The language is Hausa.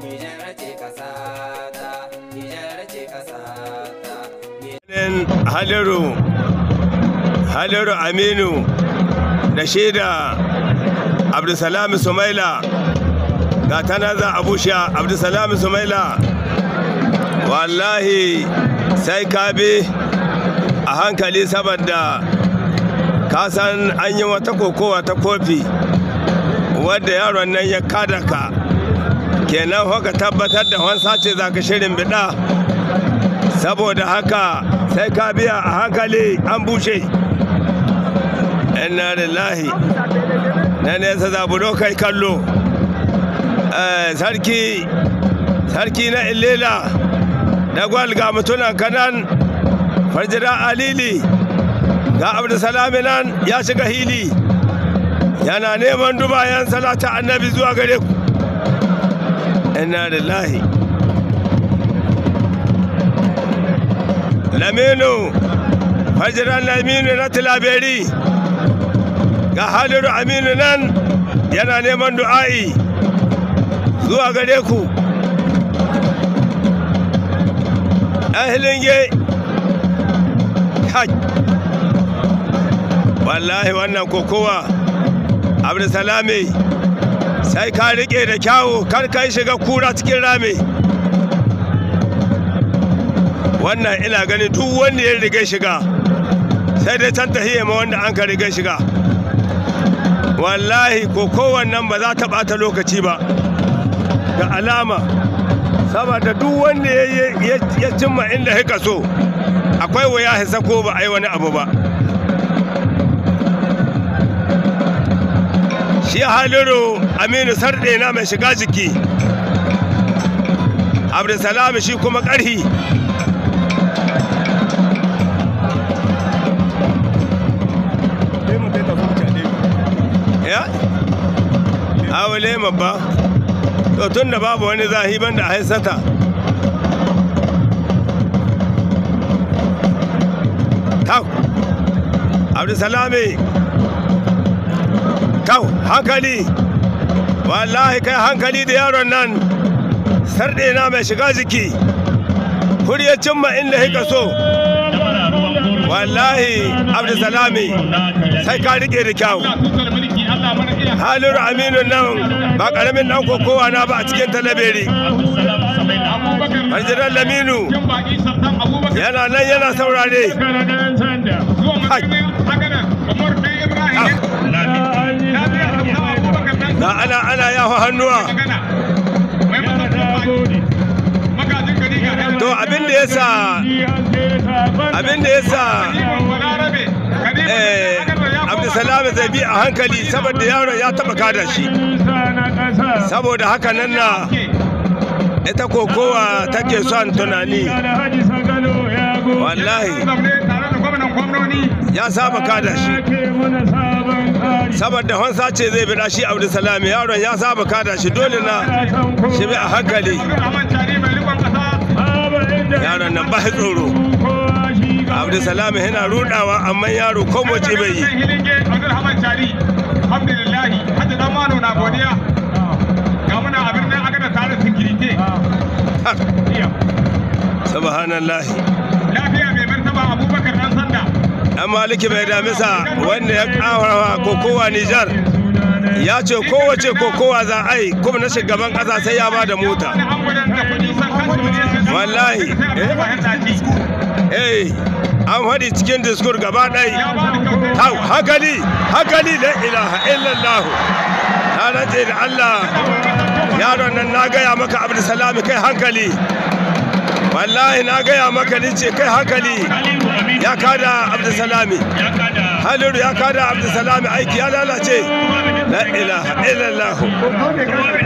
ce Haliru, Haliru Aminu, da shaida Abdulsalam Sumaila, ga tanaza Abusha Abdulsalam Sumaila, wallahi sai ka bi a hankali saboda kasan an yi wata kokowa ta kofi wadda yaron nan ya kada ka. kenan haka tabbatar da hansa ce za ka shirin biɗa saboda haka sai ka biya a hankali an bushe inna lillahi na nesa zabudo kai kallo eh, sarki sarki na illela da gwal ga mutunan kanan farjira alili ga abdulsalami nan ya shiga hili yana neman dubayen salata annabi zuwa gare ku inna lillahi laminu fajiran laminu na tilaberi ga hadiru aminu nan yana neman du'a'i zuwa gare ku ahilinge wallahi wannan kokowa abdulsalami sai ka rike da kyawu kar kai shiga kura cikin rami wannan ina gani duk wanda ya riga shiga sai dai can tahiyya ma wanda an ka riga shiga wallahi ko kowannan ba za ta bata lokaci ba da alama saboda duk wanda ya cimma inda hika so akwai waya ya ko ba a wani abu ba shi haliru aminu sarɗe na mai shiga jiki abdulsalam shi kuma ƙarhi Awo lemon ba, to tun da babu wani zahi banda a haisata tak abdulsalami kau hankali wallahi kai hankali da yaron nan sarɗe na mai shiga jiki kurya cimma inda hika so wallahi abdusalami sai ka rike da kyau halin aminu nan ba karamin dan kokowa na ba a cikin talabiri farjiran laminu yana nan yana saurare na ana ana ya fa hannuwa to abin da yasa abin da yasa eh abdulsalam zai bi a hankali saboda yaron ya taba kada shi saboda haka nan na ita kokowa take son tunani wallahi ya saba kada shi saboda hansa ce zai bi shi salami yaron ya saba kada shi dole na shi bi a hankali yaron nan ba shi tsoro salami yana rudawa amma yaro komo ce bai yi subhanallah dan maliki bai damisa wanda ya ko kokowa nijar ya ce kowace kokowa za a yi kuma na shugaban ƙasa sai ya ba da mota wallahi eh, eh an faɗi cikin diskur gaba ɗai hakali hakali la ilaha illallah na rantse da allah yaron nan na gaya maka abdulsalam kai hankali wallahi na gaya maka ni ce kai hankali ya kada abdulsalami haliru ya kada abdulsalami aiki ya lalace la ilaha illallah